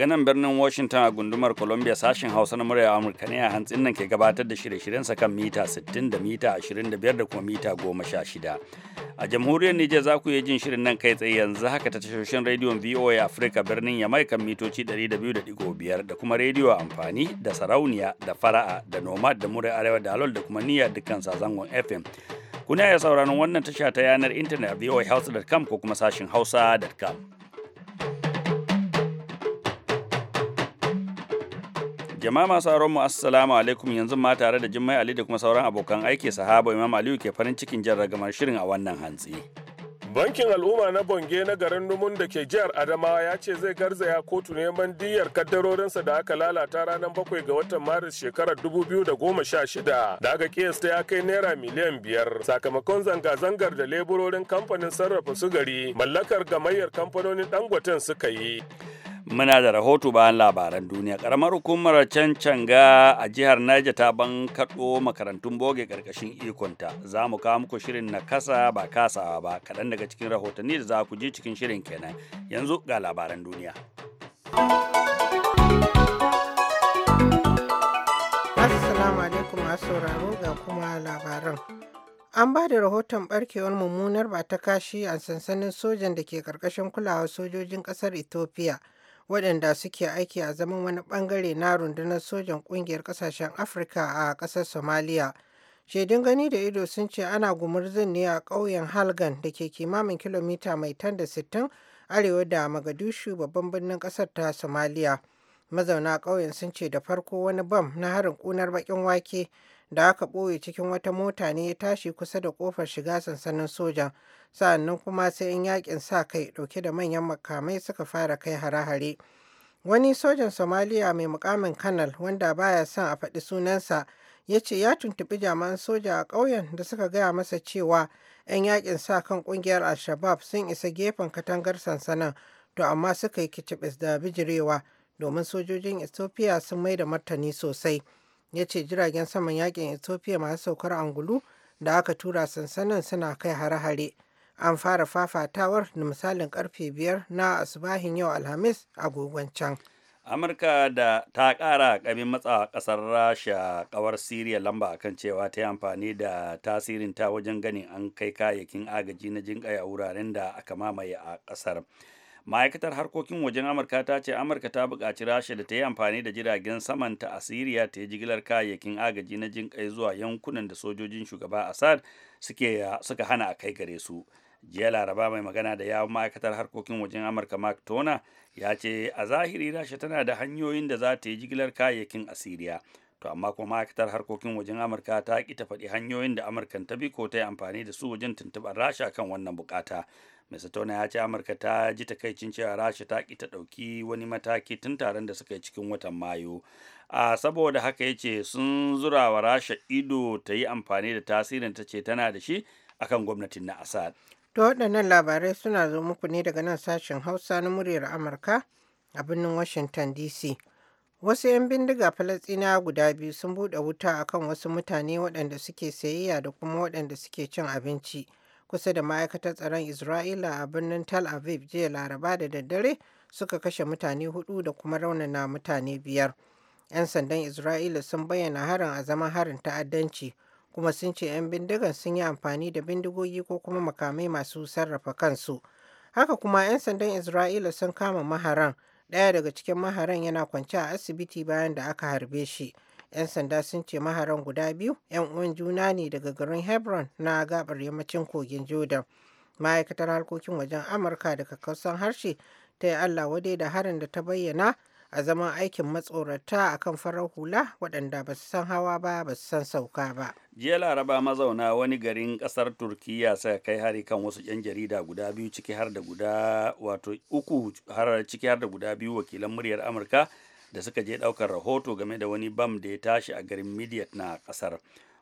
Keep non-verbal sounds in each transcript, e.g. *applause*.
daga nan birnin washington a gundumar columbia sashen hausa na murya amurka ne a hantsin nan ke gabatar da shirye-shiryensa kan mita 60 da mita 25 da kuma mita 16 a jamhuriyar nijar za ku iya jin shirin nan kai tsaye yanzu haka ta tashoshin rediyon voa afirka birnin yamai kan mitoci 200.5 da kuma rediyo amfani da sarauniya da fara'a da nomad da mura arewa da alol da kuma niyya dukkan sazangon fm kuna ya sauraron wannan tasha ta yanar intanet voahouse.com ko kuma sashin hausa.com Jama'a masu auren mu assalamu alaikum yanzu ma tare da Jummai Ali da kuma sauran abokan aiki sahaba Imam Aliyu ke farin cikin jan ragamar shirin a wannan hantsi. Bankin Al'umma na Bonge na garin Numun da ke jihar Adamawa ya ce zai garzaya kotu neman diyyar kaddarorinsa da aka lalata ranar bakwai ga watan Maris shekarar 2016 da aka kiyasta ya kai naira miliyan biyar sakamakon zanga-zangar da leburorin kamfanin sarrafa sugari mallakar gamayyar kamfanonin Dangoten suka yi. muna da rahoto bayan labaran duniya karamar hukumar cancanga a jihar Niger ta bankaɗo makarantun boge ƙarƙashin ikonta za mu kawo muku shirin na kasa ba kasawa ba kaɗan daga cikin rahotanni da za ku ji cikin shirin kenan yanzu ga labaran duniya assalamu alaikum sauraro ga kuma labaran an ba da rahoton ɓarkewar mummunar ba ta kashi a sansanin sojan da ke ƙarƙashin kulawar sojojin ƙasar ethiopia waɗanda suke aiki a zaman wani ɓangare na rundunar sojan ƙungiyar ƙasashen afirka a ƙasar somaliya shaidun gani da ido sun ce ana gumurzun ne a ƙauyen halgan da ke kimamin kilomita mai tan da sittin arewa da magadishu babban birnin ƙasar ta somaliya mazauna ƙauyen sun ce da farko wani bam na harin ƙunar baƙin wake da aka ɓoye cikin wata mota ne ya tashi kusa da ƙofar shiga sansanin sojan sa'annan kuma sai 'yan yakin sa kai ɗauke da manyan makamai suka fara kai hare-hare wani sojan somaliya mai mukamin kanal wanda baya son a faɗi sunansa ya ce ya tuntuɓi jami'an soja a ƙauyen da suka gaya masa cewa 'yan yakin sa kan ƙungiyar al sun isa gefen katangar sansanin to amma suka yi kicibis da bijirewa domin sojojin ethiopia sun mai da martani sosai ya ce jiragen saman yakin ethiopia masu saukar angulu da aka tura sansanin suna kai hare-hare an fara fafatawar da misalin karfe biyar na asubahin yau alhamis a agogon can amurka da ta kara kamin matsa kasar rasha kawar siriya lamba akan cewa ta yi amfani da tasirin ta wajen ganin an kai kayayyakin agaji na jinƙai a wuraren da aka mamaye a kasar. ma'aikatar harkokin wajen amurka ta ce amurka ta buƙaci rasha da ta yi amfani da jiragen saman a siriya ta yi jigilar kayayyakin agaji na jin kai zuwa yankunan da sojojin shugaba assad suke suka hana a kai gare su jiya laraba mai magana da yawon ma'aikatar harkokin wajen amurka mark tona ya ce a zahiri rasha tana da hanyoyin da za ta yi jigilar kayayyakin asiriya to amma kuma ma'aikatar harkokin wajen amurka ta ki ta faɗi hanyoyin da amurkan ta bi ko ta yi amfani da su wajen tuntuɓar rasha kan wannan buƙata. Satona ya ce Amurka ta ji takaicin cewa Rasha ta ki ta ɗauki wani mataki tun taron da suka yi cikin watan Mayu. A saboda haka ya ce sun zura wa Rasha ido ta yi amfani da tasirin ta ce tana da shi akan gwamnatin na Assad. To waɗannan labarai suna zo muku ne daga nan sashen Hausa na muryar Amurka a birnin Washington DC. Wasu 'yan bindiga Falasɗina guda biyu sun buɗe wuta akan wasu mutane waɗanda suke sayayya da kuma waɗanda suke cin abinci. kusa da ma'aikatar tsaron Isra'ila a birnin Tal Aviv jiya Laraba da daddare suka kashe mutane hudu da kuma raunana mutane biyar. 'Yan sandan Isra'ila sun bayyana harin a zaman harin ta'addanci kuma sun ce 'yan bindigan sun yi amfani da bindigogi ko kuma makamai masu sarrafa kansu. Haka kuma 'yan sandan Isra'ila sun kama maharan. Ɗaya daga cikin maharan yana kwance a asibiti bayan da aka harbe shi. 'Yan sanda sun ce maharan guda biyu 'yan uwan juna ne daga garin Hebron na gabar yammacin kogin Jordan. Ma'aikatar harkokin wajen Amurka daga kakkausan harshe ta yi Allah wadai da harin da ta bayyana a zaman aikin matsorata a kan farar hula waɗanda ba su san hawa ba ba su san sauka ba. jiya laraba mazauna wani garin ƙasar turkiya suka kai hari kan wasu 'yan jarida guda biyu ciki har da guda wato uku har ciki har da guda biyu wakilan muryar amurka da suka je ɗaukar rahoto game da wani bam da ya tashi a garin midiat na ƙasar.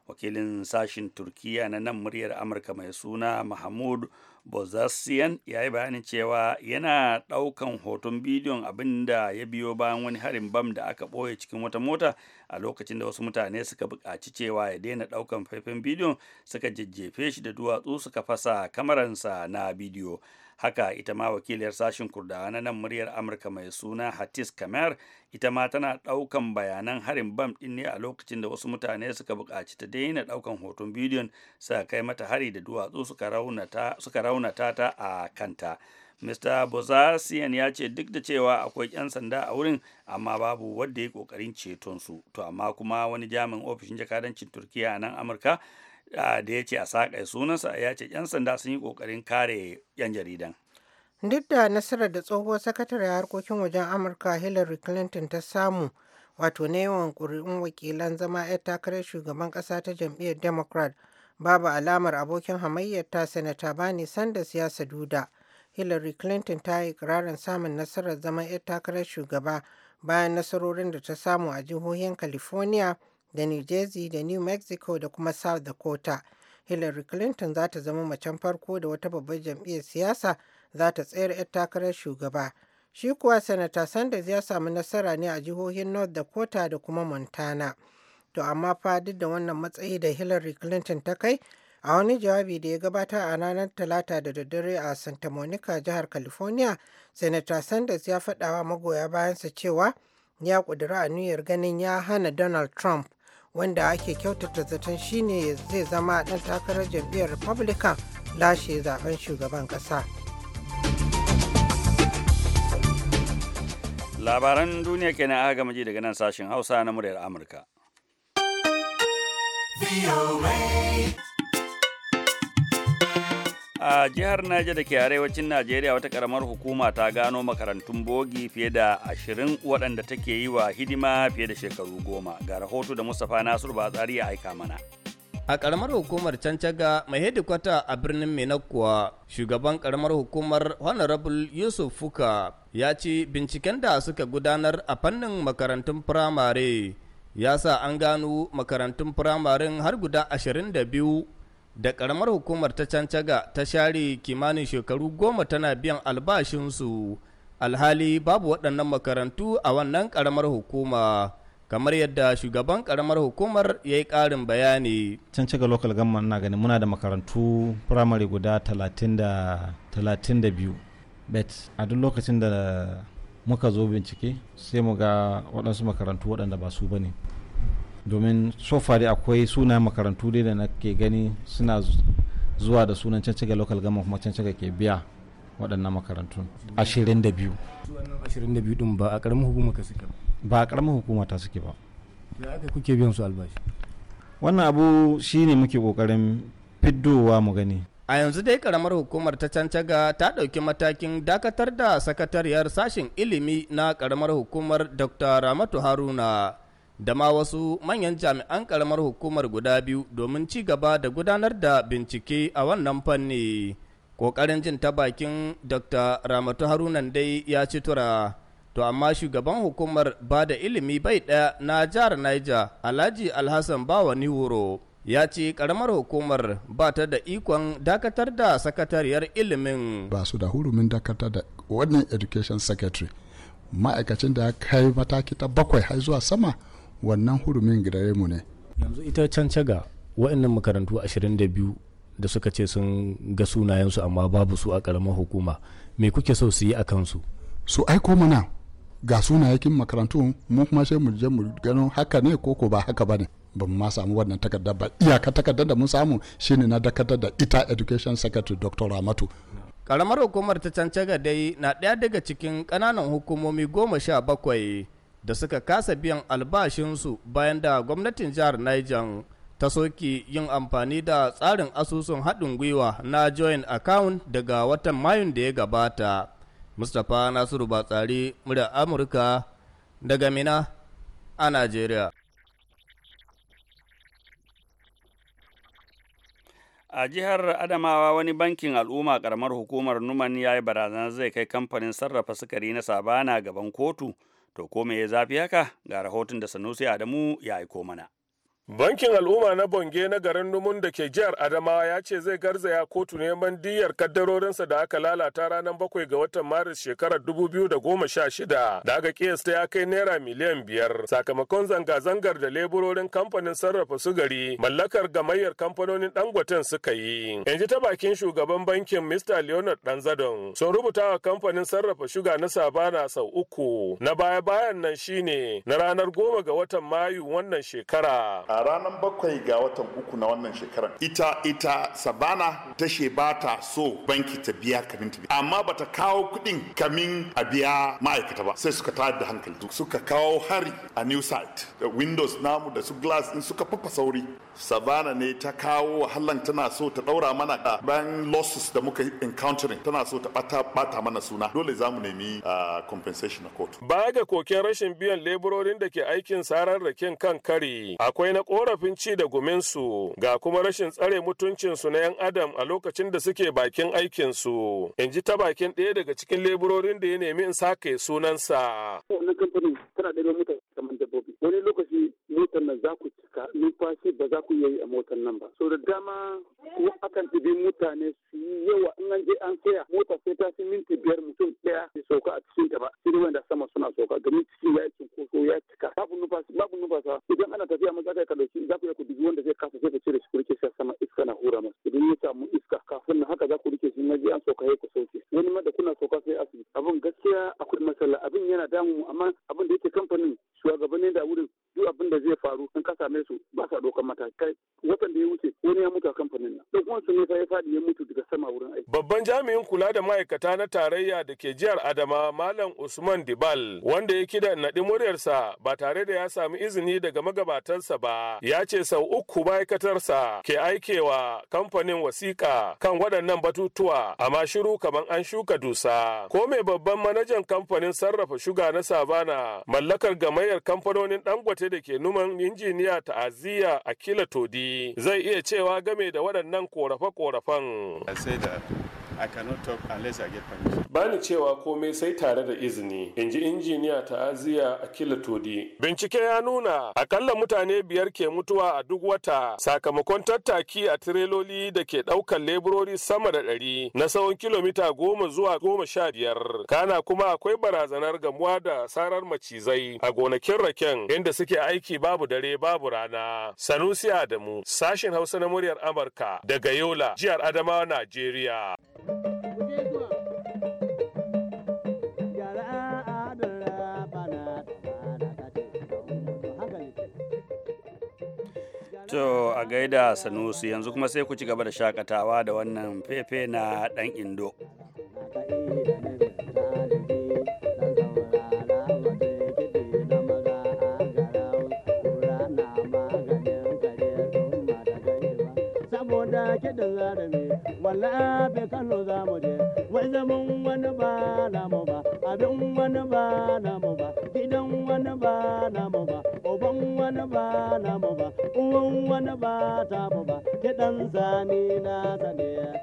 Wakilin sashin Turkiya na nan muryar Amurka mai suna Mahmud Bozasian ya yi bayanin cewa yana ɗaukan hoton bidiyon abinda ya biyo bayan wani harin bam da aka ɓoye cikin wata mota a lokacin da wasu mutane suka buƙaci cewa ya daina ɗaukan faifan bidiyon suka jejjefe shi da duwatsu suka fasa kamaransa na bidiyo. haka ita ma wakiliyar sashen kurdawa na nan muryar amurka mai suna hatis kamar ita ma tana daukan bayanan harin bam ɗin ne a lokacin da wasu mutane suka buƙaci ta daina daukan hoton bidiyon sa kai mata hari da duwatsu suka raunata ta a kanta mr bozasian ya ce duk da cewa akwai 'yan sanda a wurin amma babu wadda ya kokarin ceton su to amma kuma wani jami'in ofishin jakadancin turkiyya a nan amurka da ya ce a saƙa sunansa ya ce 'yan sanda sun yi ƙoƙarin kare 'yan jaridan. Duk da nasarar da tsohuwar sakatare harkokin wajen Amurka Hillary Clinton ta samu wato na yawan ƙuri'un wakilan zama 'yar takarar shugaban ƙasa ta jam'iyyar Democrat babu alamar abokin hamayyar ta Sanata Bernie Sanders ya saduda. Hillary Clinton ta yi ƙirarin samun nasarar zama 'yar takarar shugaba bayan nasarorin da ta samu a jihohin California da new jersey da new mexico da kuma south dakota hillary clinton za ta zama macen farko da wata babbar jam'iyyar siyasa za ta tsayar 'yar takarar shugaba shi kuwa sanata sanders ya samu nasara ne a jihohin north dakota da kuma montana to amma fa duk da wannan matsayi da hillary clinton ta kai a wani jawabi da ya gabata a ranar talata da daddare a santa monica jihar california senator sanders ya faɗawa magoya bayansa cewa ya ƙudura aniyar ganin ya hana donald trump wanda ake kyautata zaton shine zai zama ɗan takarar jam'iyyar republican lashe zaben shugaban ƙasa. labaran duniya kenan aka gama ji daga nan sashen hausa na muryar amurka. a jihar Niger da ke arewacin Najeriya wata karamar hukuma ta gano makarantun bogi fiye da ashirin waɗanda take yi wa hidima fiye da shekaru goma ga rahoto da Mustapha Nasiru tsari ya aika mana. A karamar hukumar Cancaga mai hedikwata a birnin menakwa shugaban karamar hukumar Honorable Yusuf Fuka ya ci binciken da suka gudanar a fannin makarantun firamare ya sa an gano makarantun firamaren har guda ashirin da biyu da karamar hukumar ta cancaga ta share kimanin shekaru goma tana biyan albashinsu alhali babu waɗannan makarantu a wannan karamar hukuma kamar yadda shugaban karamar hukumar ya yi ƙarin bayani cancaga lokal government na gani muna da makarantu firamare guda 32 bet a duk lokacin da muka zo bincike sai mu ga waɗansu makarantu waɗanda ba su ba ne domin sofa dai akwai suna makarantu dai da nake gani suna zuwa da sunan cancaga local gama kuma cancaga ke biya waɗannan makarantun 22 22 din ba a ƙaramin hukuma ka suke ba a ƙaramin hukuma ta suke ba ya aka kuke biyan su albashi wannan abu shine muke ƙoƙarin fiddowa mu gani a yanzu dai karamar hukumar ta cancaga ta ɗauki matakin dakatar da sakatariyar sashen ilimi na karamar hukumar dr ramatu haruna da ma wasu manyan jami'an karamar hukumar guda biyu domin ci gaba da gudanar da bincike a wannan fanni kokarin jin ta bakin dr ramatu haruna dai ya ci tura to amma shugaban hukumar ba da ilimi bai ɗaya na jihar niger alhaji alhassan ni wuro ya ce karamar hukumar ba ta da ikon dakatar da sakatariyar ilimin ba su da hurumin dakatar da wannan education secretary ma'aikacin da ya kai mataki ta bakwai har zuwa sama wannan hurumin gare mu ne yanzu ita cancaga waɗannan makarantu 22 da suka ce sun ga sunayensu amma babu su a ƙaramar hukuma me kuke so su yi a kansu su aiko mana ga sunayen makarantu mu kuma sai mu je mu gano haka ne ko ko ba haka ba ne ba mu ma samu wannan takardar ba iyaka takardar da mun samu shine na dakatar da ita education secretary dr ramatu karamar hukumar ta cancaga dai na ɗaya daga cikin ƙananan hukumomi goma sha bakwai da suka kasa biyan albashinsu bayan da gwamnatin jihar Niger ta soke yin amfani da tsarin asusun haɗin gwiwa na join account daga watan mayun da ya gabata. Mustapha Nasiru Batsari, murya Amurka daga Mina a Najeriya. a jihar adamawa wani bankin al'umma karamar hukumar numan ya yi barazana zai kai kamfanin sarrafa sukari na sabana gaban kotu To ko me ya zafi haka ga rahoton da Sanusi Adamu ya aiko mana. Bankin Al'umma na Bonge na garin Numun da ke jihar Adamawa ya ce zai garzaya kotu neman diyyar kaddarorinsa da aka lalata ranar bakwai ga watan Maris shekarar 2016 da aka kiyasta ya kai naira miliyan biyar sakamakon zanga-zangar da leburorin kamfanin sarrafa sugari mallakar gamayyar kamfanonin Dangoten suka yi. Yanzu ta bakin shugaban bankin Mr. Leonard Danzadon sun rubuta wa kamfanin sarrafa shuga na Sabana sau uku na baya-bayan nan shine na ranar goma ga watan Mayu wannan shekara. a ranar bakwai ga watan uku na wannan shekarar ita ita sabana ta ba ta so banki ta biya kamin ta biya amma bata kawo kuɗin kamin a biya ma'aikata ba sai suka tayar da hankali suka kawo hari a new site da windows namu da su glass din suka fafa sauri sabana ne ta kawo wahalan tana so ta ɗaura mana da bayan losses da muka encountering tana so ta bata bata mana suna dole za mu nemi compensation a court baya ga koken rashin biyan leburorin da ke aikin sarar raken kan kare akwai na korafin ci da guminsu ga kuma rashin tsare mutuncinsu na 'yan adam a lokacin da suke bakin aikinsu. In ji ta bakin ɗaya daga cikin leburorin da ya nemi in sake sunansa. Wannan kamfanin tana ɗaya dabbobi. Wani lokaci motar nan za ku cika numfashi ba za ku yi a motar nan ba. So da dama kuma akan tibi mutane su yi yawa in an je an saya mota sai ta fi minti biyar mutum ɗaya ya sauka a cikin ta ba. Sai wanda sama suna sauka domin ciki ko ya cika babu numfasa babu numfasa idan ana tafiya maza ka dauki za ku iya ku dubi wanda zai kasa sai ku cire shi ku rike shi sama iska na hura masa idan ya samu iska kafin na haka za ku rike shi na je an soka ku sauke wani ma da kuna soka sai asibiti abin gaskiya akwai matsala abin yana damu amma abin da yake kamfanin shugabannin da wurin duk abin da zai faru in ka same su jami'in kula da ma'aikata na tarayya da ke jihar Adama Malam Usman Dibal wanda ya kida naɗi muryarsa ba tare da ya sami izini daga magabatansa ba ya ce sau uku ma'aikatarsa ke aikewa kamfanin wasiƙa kan waɗannan batutuwa amma shiru kamar an shuka dusa. Ko mai babban manajan kamfanin sarrafa shuga na sabana mallakar gamayyar kamfanonin Dangote da ke numan injiniya ta'aziyya kila Todi zai iya cewa game da waɗannan korafe-korafen. I cannot talk unless I get permission. bani cewa komai sai tare da izini in ji injiniya ta'aziya akila todi bincike ya nuna akalla mutane biyar ke mutuwa a duk wata sakamakon tattaki a tireloli da ke ɗaukar leburori sama da ɗari na tsawon kilomita goma zuwa goma sha biyar kana kuma akwai barazanar gamuwa da sarar macizai a gonakin raken inda suke aiki babu dare babu rana sanusi adamu sashen hausa na muryar amurka daga yola jihar adamawa najeriya To a gaida Sanusi yanzu kuma sai ku ci gaba da shakatawa da wannan fefe na ɗan Indo. kiɗin zarami walla bai kano za mu je wai zaman wani ba namu ba abin wani ba namu ba gidan wani ba namu ba oban wani ba namu gun wani ba ta ba kiɗan zane na zane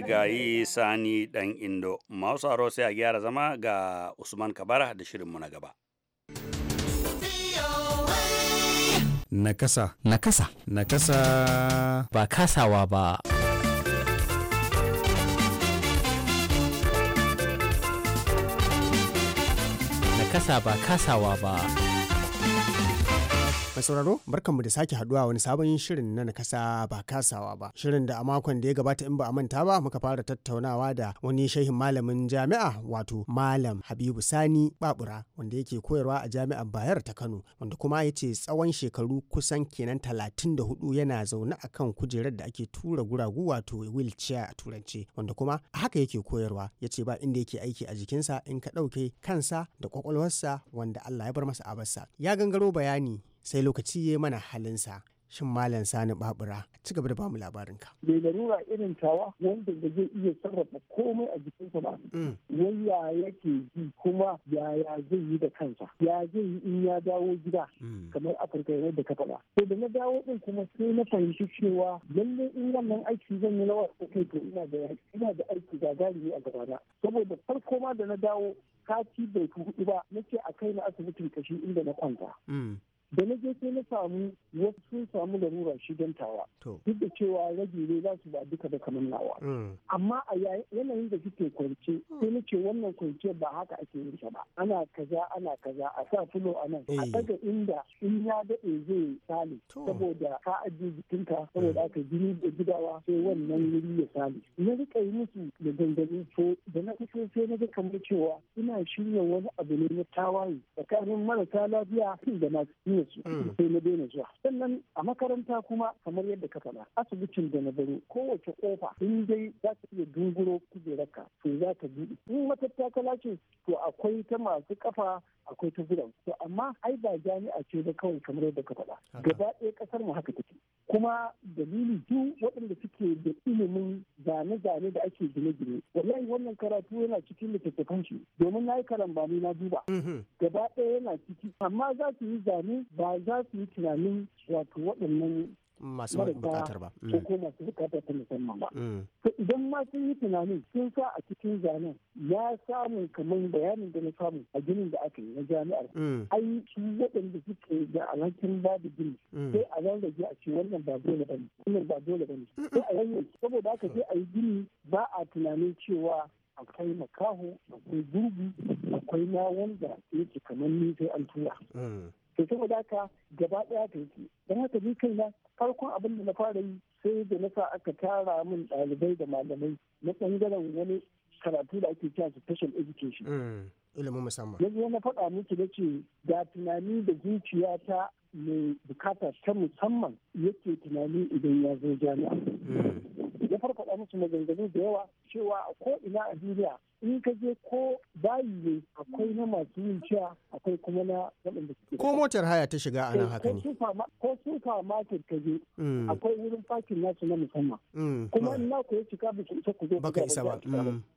yi sani dan indo masu aro sai a gyara zama ga usman kabara da shirinmu na gaba nakasa nakasa nakasa ba kasawa ba nakasa ba kasawa ba Mai sauraro barkanmu da sake haduwa wani sabon shirin na nakasa ba kasawa ba. Shirin da a makon da ya gabata in ba a manta ba muka fara tattaunawa da wani shehin malamin jami'a wato Malam Habibu Sani Babura wanda yake koyarwa a jami'ar Bayar ta Kano wanda kuma ya ce tsawon shekaru kusan kenan talatin da hudu yana zaune a kan kujerar da ake tura guragu wato wheelchair a turance wanda kuma a haka yake koyarwa ya ce ba inda yake aiki a jikinsa in ka ɗauke kansa da kwakwalwarsa wanda Allah ya bar masa abarsa. Ya gangaro bayani sai lokaci ya mana halinsa shin malam sani babura ci gaba da bamu labarin labarinka. Mai larura irin tawa wanda da zai iya sarrafa komai a jikinsa ba. Mm. Wanda yake ji kuma yaya zai yi da kansa. Ya zai yi in ya dawo gida mm. kamar Afirka da ka faɗa. To da na dawo din kuma sai na fahimci cewa lalle in wannan aiki zan yi nawa ko kai to ina da ina da aiki galibi a gabana. Saboda farko ma da na dawo kati bai kuɗi ba nake a kai na asibitin kashi inda na kwanta. Mm. da na je sai na samu wasu sun samu larura shi tawa duk da cewa rage ne za su ba duka da kamar nawa mm. amma a yanayin da suke kwance mm. sai na ce wannan kwance ba haka ake yin sa ba ana kaza ana kaza a sa fulo a nan a daga eh. inda in ya daɗe zai sale saboda ka ajiye jikinka mm. saboda aka jini da gidawa sai wannan wuri ya sale na rika yi musu da dangane to da na fito sai na ga kamar cewa ina shirya wani abu ne na tawaye tsakanin marasa lafiya da masu daina su mm. sai na daina zuwa sannan a makaranta kuma kamar yadda ka faɗa asibitin da na bari kowace kofa in dai za ka iya dunguro kujerarka to za ka bi in matattakala ce to akwai ta masu kafa akwai ta zuran to amma ai ba jami'a ce ba kawai kamar yadda ka faɗa gaba ɗaya ƙasar mu haka take kuma dalili biyu waɗanda suke da ilimin zane-zane da ake gine-gine wallahi wannan karatu yana cikin littattafan shi domin na yi karambani na duba mhm. gaba ɗaya yana ciki amma za su yi zane ba za su yi tunanin wato waɗannan masu bukatar ba mm. ko ko masu bukatar ta musamman ba mm. idan ma sun yi tunanin sun sa a cikin zanen ya samu kamar bayanin da na samu a ginin da aka yi na jami'ar mm. ai su waɗanda suke da alhakin babu gini sai a zan rage a ce wannan ba dole ba ne wannan ba dole ba ne sai a yanyan saboda aka sai a yi gini ba a tunanin cewa akwai makaho akwai gurbi akwai na wanda yake kamar ni sai an tura saboda daka gaba ɗaya ta yake don haka ni kaina farkon abin da na fara yi sai da na sa aka tara min dalibai da malamai na ɓangaren wani karatu da ake cewa special education. Mm, ilimin musamman. Yanzu na faɗa miki da ce da tunani da zuciya ta mai bukata ta musamman yake tunani idan ya zo jami'a. Ya mm. farfaɗa musu maganganu da yawa cewa a ko ina a duniya in ka je ko bayi ne akwai na masu yin ciya akwai kuma na waɗanda suke ko motar haya ta shiga a nan haka ne eh, ko sufa market ka je mm. akwai wurin fakin nasu na musamman mm. kuma mm. in na ku ya cika ba ku ku zo baka isa ba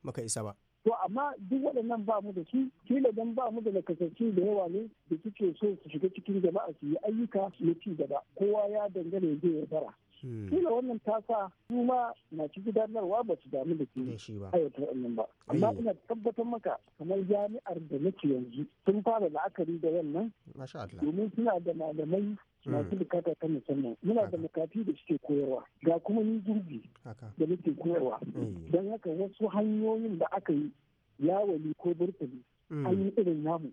baka isa to amma duk waɗannan ba mu da su kila dan ba mu da lakasarci da yawa ne da suke so su shiga cikin jama'a su yi ayyuka na ci gaba kowa ya dangane zai ya bara Hmm. kila wannan ta sa su ma ci gudanarwa ba su damu da ke aiwatar wannan ba amma ina tabbatar maka kamar jami'ar da nake yanzu sun fara la'akari da wannan domin suna da malamai hmm. masu bukata ta musamman muna da makafi da suke koyarwa ga kuma ni jirgi da nake koyarwa don haka wasu hanyoyin da aka yi yawali ko burtali hmm. an yi irin namu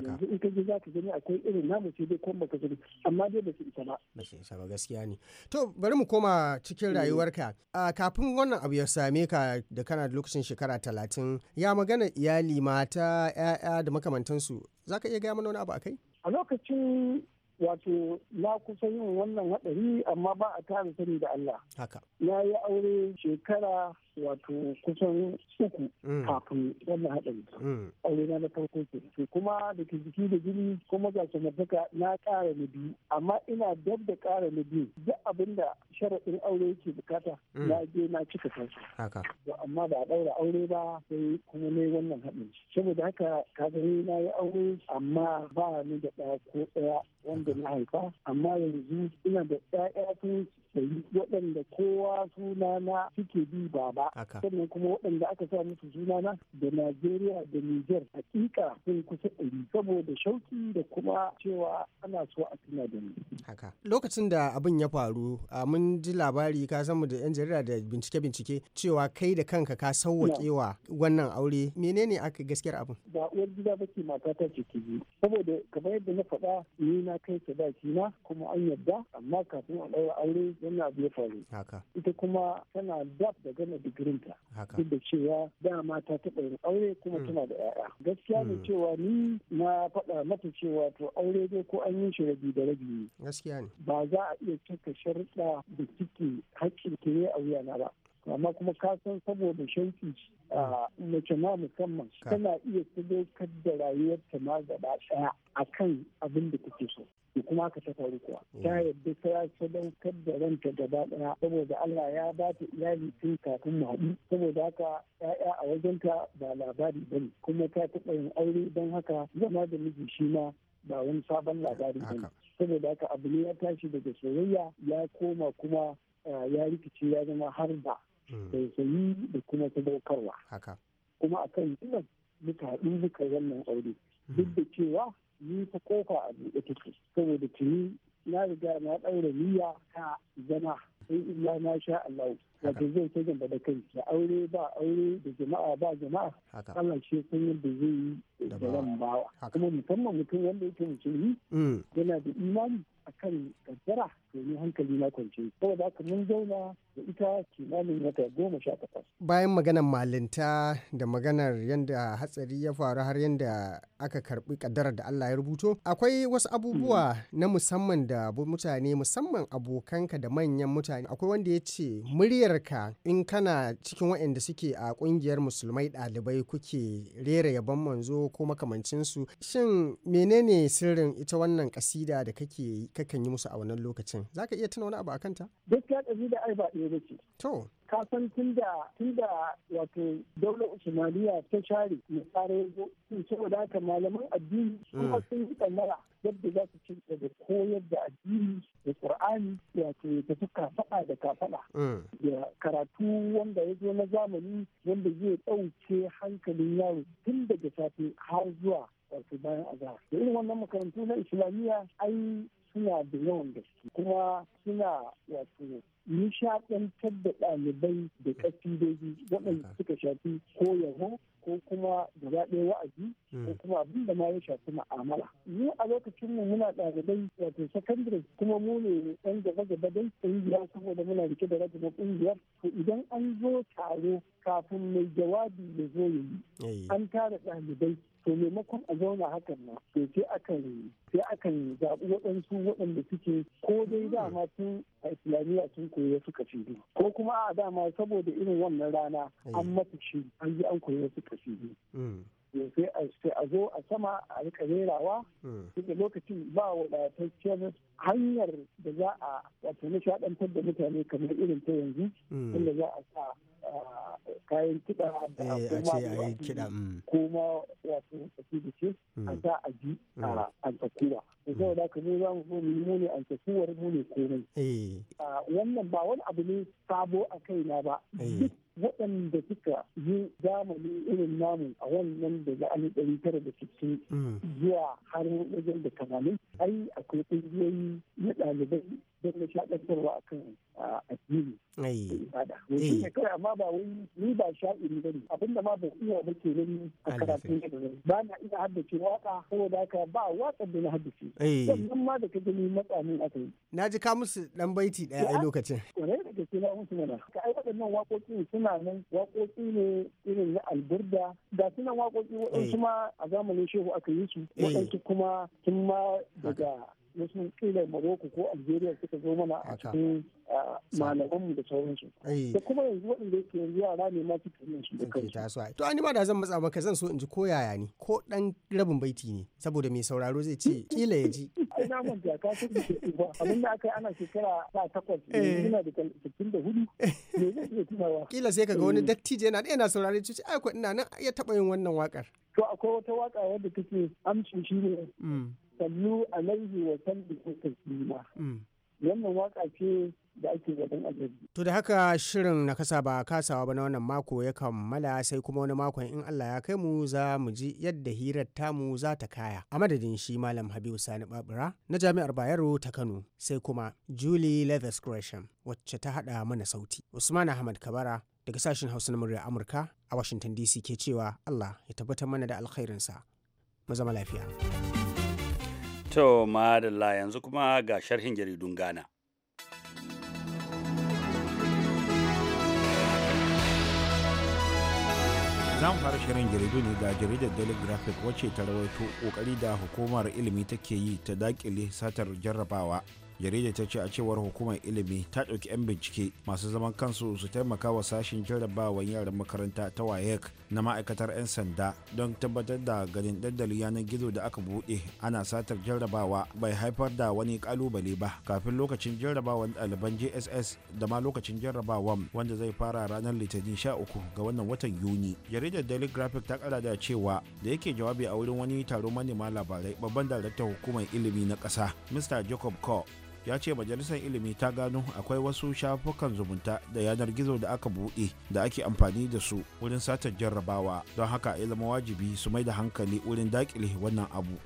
yanzu in ka je za ka gani akwai irin namu sai dai kuma ka gani amma dai ba su isa ba ba su isa ba gaskiya ne to bari mu koma cikin eh. rayuwarka kafin wannan abu ya same ka da kana da lokacin shekara talatin ya magana iyali mata 'ya'ya da makamantansu za ka iya gaya mana wani abu akai a lokacin wato na kusa yin wannan haɗari amma ba a tara sani da Allah. Haka. Na yi aure shekara wato kusan uku mm. kafin wannan haɗari. Mm. Aure na na farko ke. kuma da ke jiki da jini kuma ga samartaka na ƙara na biyu amma ina dab da ƙara na biyu duk abin da sharaɗin aure yake bukata mm. na je na cika kansu. Haka. Amma ba a ɗaura aure ba sai kuma ne wannan haɗari. Saboda haka ka na yi aure amma ba ni da ɗaya ko ɗaya da na amma yanzu ina da ƴaƴa sun sayi waɗanda kowa sunana suke bi baba sannan kuma waɗanda aka sa musu suna na da najeriya da niger hakika sun kusa ɗari saboda shauki da kuma cewa ana so a tuna da ni lokacin da abin ya faru mun ji labari ka san mu da yan jarida da bincike-bincike cewa kai da kanka ka sauwaƙe wa wannan aure menene aka gaskiyar abin ba uwar gida ba ke mata ta ce saboda kamar yadda na faɗa ni na kai da na kuma an yadda amma kafin a ɗaura aure yana biyu ya faru ita kuma tana dab da gama digirinta duk da cewa dama ta taɓa yin aure kuma mm. tana da 'ya'ya gaskiya ne mm. cewa ni na faɗa mata cewa to aure dai ko an yi shi rabi da rabi gaskiya ne ba za a iya cika sharuɗa da kike hakkin ki ne a na ba amma kuma ka san saboda shauki mm. mace ma musamman tana iya sadaukar da rayuwarta ma gaba ɗaya akan abin da kake so da kuma ka ta faru kuwa mm. ta yadda ta sadaukar da ranta gaba ɗaya. saboda Allah ya ba ta iyali tun kafin mu haɗu saboda haka ƴaƴa a wajenta ba labari bane kuma ta taɓa yin aure don haka zama da miji shi ma ba wani sabon labari bane saboda haka abu ne ya tashi daga soyayya ya koma kuma eh, ya rikice ya zama har da sosai mm. da kuma sadaukarwa kuma akan kan muka haɗu muka wannan aure mm. duk da cewa ni ta kofa a buɗe take saboda tuni na riga na ɗaura niyya ta zama sai illa na sha Allah wato zai ta gaba da kai da aure ba aure da jama'a ba jama'a Allah shi san yadda zai yi da ran bawa kuma musamman mutum wanda yake musulmi mm. yana da imani akan kaddara domin hankali na kwance saboda haka mun zauna da ita kimanin wata goma sha takwas. bayan maganar malinta da maganar yadda hatsari ya faru har yadda aka karbi kaddarar da Allah ya rubuto akwai wasu abubuwa mm. na musamman da mutane musamman abokanka da manyan mutane akwai wanda ya ce muryar wayarka in kana cikin waɗanda suke a ƙungiyar musulmai ɗalibai kuke rera yabon manzo ko makamancinsu shin menene sirrin ita wannan kasida da kake kakan yi musu a wannan lokacin za ka iya tuna wani abu a kanta. gaskiya kasida ai ba ɗaya bace To. Ka san tunda tunda wato daular Usmaniya ta share mai tsara yanzu sun saboda haka malaman addini kuma mm. sun yi kallara yadda za su ci da koyar da addini da Qur'ani wato ta fi kafaɗa da kafaɗa. Mm. Da karatu wanda ya zo na zamani wanda zai ɗauke hankalin yaro tun daga safe har zuwa wasu bayan azahar. Da irin wannan makarantu na Islamiyya ai suna da yawan gaske kuma suna wato nishaɗantar da ɗalibai da mm. ƙasidoji waɗanda suka shafi ko yaho ko kuma gaba ɗaya wa'azi ko mm. kuma abin da ma ya shafi ma'amala. Ni a lokacin mu muna ɗalibai wato sakandare kuma mu ne ɗan gaba gaba dai ƙungiya saboda muna rike da rajin ƙungiyar. To idan an zo taro kafin mai jawabi ya zo ya yi an tara ɗalibai to maimakon a zauna hakan na to sai akan sai akan zaɓi waɗansu waɗanda suke ko dai mm. dama sun a islamiyya sun koyi wasu kasidu ko kuma a dama saboda irin wannan rana eh. an mata shi an yi an koyi wasu kasidu sai a zo a sama a rika rerawa mm. duka lokacin ba wadataccen hanyar da za a wato nishaɗantar da mutane kamar irin ta yanzu mm. inda za a sa kayan kiɗa da eh, mm. kuma wato kasidu ce a sa a ji a tsakura to saboda ka mu za mu so mu ne an mu ne komai eh. wannan ba wani abu ne sabo a kaina ba eh. waɗanda suka yi zamani irin namu a wannan da daga yi ɗari tara da sittin mm. zuwa har wajen da kamanin ai akwai ƙungiyoyi na ɗalibai don nishaɗantarwa kan Eh. Mutum eh. ne kawai amma ba wai ni ba sha'iri ba ne. Abinda ma ba iya ba ke nan a karatun yadda Ba na iya haddace waka saboda haka ba waka da na haddace. Eh. Sannan ma da ka gani matsamin aka yi. Na ji ka musu dan baiti ɗaya a lokacin. Kwarai da gaske na musu mana. Ka ai waɗannan waƙoƙi suna nan waƙoƙi ne irin na alburda. Ga sunan waƙoƙi waɗansu ma a zamanin shehu aka yi su. Waɗansu kuma sun ma daga wasu kila maroko ko Algeria suka zo mana a cikin malaman da sauransu. Da kuma yanzu waɗanda yake yanzu yara ne ma suka yin su da kansu. To an ba da zan matsa maka zan so in ji ko yaya ne ko ɗan rabin baiti ne saboda mai sauraro zai ce kila ya ji. *laughs* Ai na manta ka san da ba abin da aka yi ana shekara ta takwas eh. ina da sittin da hudu *laughs* me zai iya tunawa. Kila sai ka ga wani eh. dattijo yana ɗaya na saurare ai ko ina nan ya taɓa yin wannan waƙar. To akwai wata waƙa wadda take amshin shi ne. Mm. sallu lalzi wa sallimu taslima mm. wannan waka ce da ake gaban ajabi. To da haka shirin na kasa ba kasawa ba na wannan mako ya kammala sai kuma wani makon in Allah ya kai mu za mu ji yadda hirar tamu za ta kaya. A madadin shi Malam Habibu Sani Babura na Jami'ar Bayero ta Kano sai kuma Julie Leathers Gresham wacce ta haɗa mana sauti. Usman Ahmad Kabara daga sashen Hausa na murya Amurka a Washington DC ke cewa Allah ya tabbatar mana da alkhairinsa. Mu zama lafiya. To madalla yanzu kuma ga sharhin jaridun Ghana. zan fara shirin jaridu ne ga jaridar daily graphic wacce ta rawaito kokari da hukumar ilimi take yi ta dakile satar jarrabawa Jarida ta ce a cewar hukumar ilimi ta ɗauki 'yan bincike masu zaman kansu su taimaka wa sashen jarrabawan yaran makaranta ta wayek na ma'aikatar 'yan sanda don tabbatar da ganin daddalin yanar gizo da aka buɗe ana satar jarrabawa bai haifar da wani kalubale ba kafin lokacin jarrabawan ɗaliban jss da ma lokacin jarrabawan wanda zai fara ranar litinin sha uku ga wannan watan yuni jaridar daily graphic ta kara da cewa da yake jawabi a wurin wani taron manema labarai babban daraktar hukumar ilimi na ƙasa mr jacob co ya ce majalisar ilimi ta gano akwai wasu shafukan zumunta da yanar gizo da aka buɗe da ake amfani da su wurin satar jarrabawa don haka ya zama wajibi su mai da hankali wurin dakile wannan abu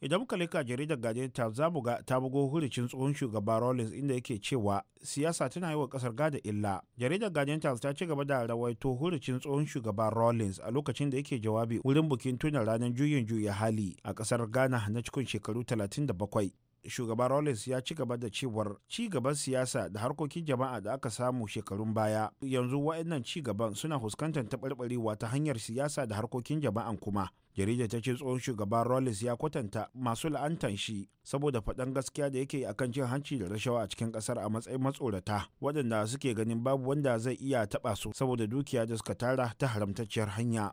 idan muka leka jaridar gadin ta za mu ga ta bugo hurucin tsohon shugaba Rawlings inda yake cewa siyasa tana yi wa kasar gada illa. Jaridar gadin ta ta ci gaba da rawaito hurucin tsohon shugaba Rawlings a lokacin da yake jawabi wurin bukin tuna ranar juyin juya hali a kasar Ghana na cikin shekaru 37. shugaban rawlings ya ci gaba da cewar ci gaban siyasa da harkokin jama'a da aka samu shekarun baya yanzu wa'annan ci gaban suna fuskantar taɓarɓarewa ta hanyar siyasa da harkokin jama'an kuma jarida ta ce tsohon shugaban rawlings ya kwatanta masu la'antar shi saboda faɗan gaskiya da yake akan cin hanci da rashawa a cikin ƙasar a matsayin matsorata waɗanda suke ganin babu wanda zai iya taɓa su saboda dukiya da suka tara ta haramtacciyar hanya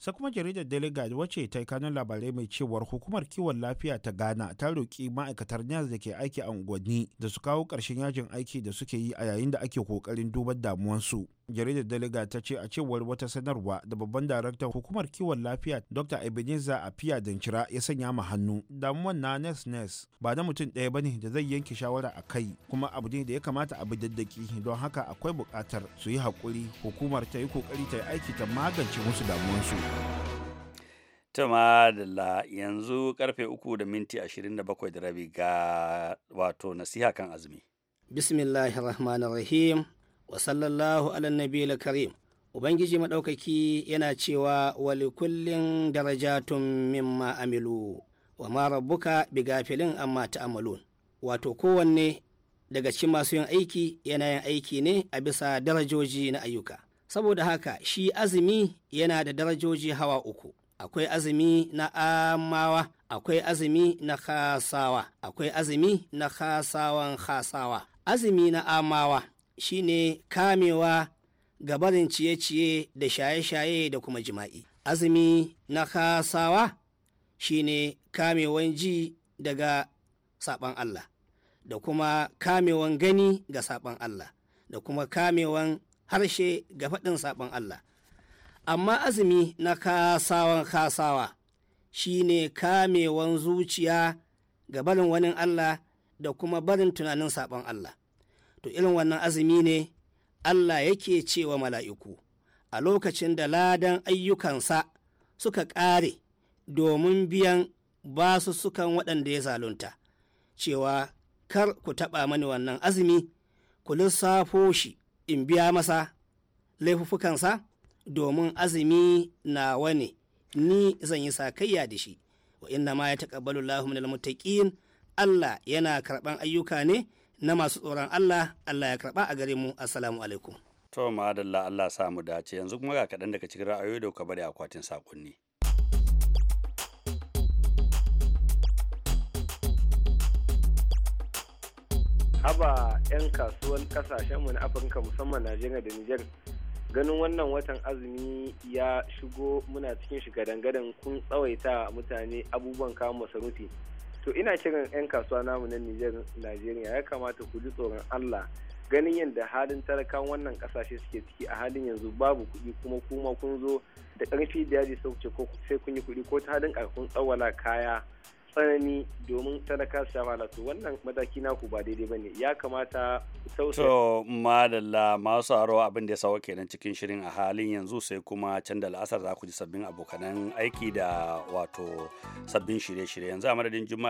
sai kuma jaridar daily guide wacce ta yi kanun labarai mai cewar hukumar kiwon lafiya ta ghana ta roƙi ma'aikatar nias da ke aiki a unguwanni da su kawo ƙarshen yajin aiki da suke yi a yayin da ake ƙoƙarin dubar damuwansu jaridar daliga ta ce a cewar wata sanarwa da babban daraktan hukumar kiwon lafiya dr ebenezer afiya dancira ya sanya ma hannu damuwan na nes nes ba na mutum ɗaya bane da zai yanke shawara a kai kuma abu ne da ya kamata a bi daddaki don haka akwai bukatar su yi haƙuri hukumar ta yi ƙoƙari ta yi aiki ta magance musu damuwansu. Tuma yanzu karfe uku da minti ashirin da bakwai da rabi ga wato nasiha kan azumi. Bismillahirrahmanirrahim. wa sallallahu karim ubangiji maɗaukaki yana cewa wali kullin darajatun mimma amilu wa ma rabbuka bi gafilin amma ta'malun wato kowanne daga cikin masu yin aiki yana yin aiki ne a bisa darajoji na ayyuka saboda haka shi azumi yana da darajoji hawa uku akwai azumi na amawa akwai azumi na khasawa akwai azumi na khasawan khasawa azumi na amawa shine kamewa ga barin ciye-ciye da shaye-shaye da kuma jima'i azumi na kasawa shine kamewan ji daga saɓan Allah da kuma kamewan gani ga saɓan Allah da kuma kamewan harshe ga faɗin saɓan Allah amma azumi na kasawan kasawa shine kamewan zuciya ga barin wani Allah da kuma barin tunanin saɓon Allah to irin wannan azumi ne Allah yake cewa mala'iku a lokacin da ladan ayyukansa suka ƙare domin biyan basu sukan waɗanda ya zalunta cewa kar ku taɓa mani wannan azumi ku lissafo shi in biya masa laifuffukansa domin azumi nawa ne ni zan yi sakayya da shi wa inna ma ya taƙabbalu Allahu Allah yana karɓan ayyuka ne na masu tsoron Allah Allah ya karɓa a gare mu assalamu alaikum to ma'adalla Allah sa dace yanzu kuma ga kaɗan daga cikin ra'ayoyi da kuka bari akwatin sakonni haba 'yan kasuwan mu na afirka musamman najeriya da nijar ganin wannan watan azumi ya shigo muna cikin shiga dangadan kun tsawaita mutane abubuwan kawo masarufi to ina kiran 'yan kasuwa namu na Nijar Najeriya ya kamata ku ji tsoron Allah ganin yadda halin talakan wannan kasashe suke ciki a halin yanzu babu kuɗi kuma kuma kun zo da ƙarfi da yaji sauce ko sai kun yi kuɗi ko ta halin kun tsawala kaya tsanani domin talaka su sha to wannan mataki naku ba daidai ba ne ya kamata sauce. to madalla masu aro abin da ya sawa kenan cikin shirin a halin yanzu sai kuma can da la'asar za ku ji sabbin abokanan aiki da wato sabbin shirye-shirye yanzu a madadin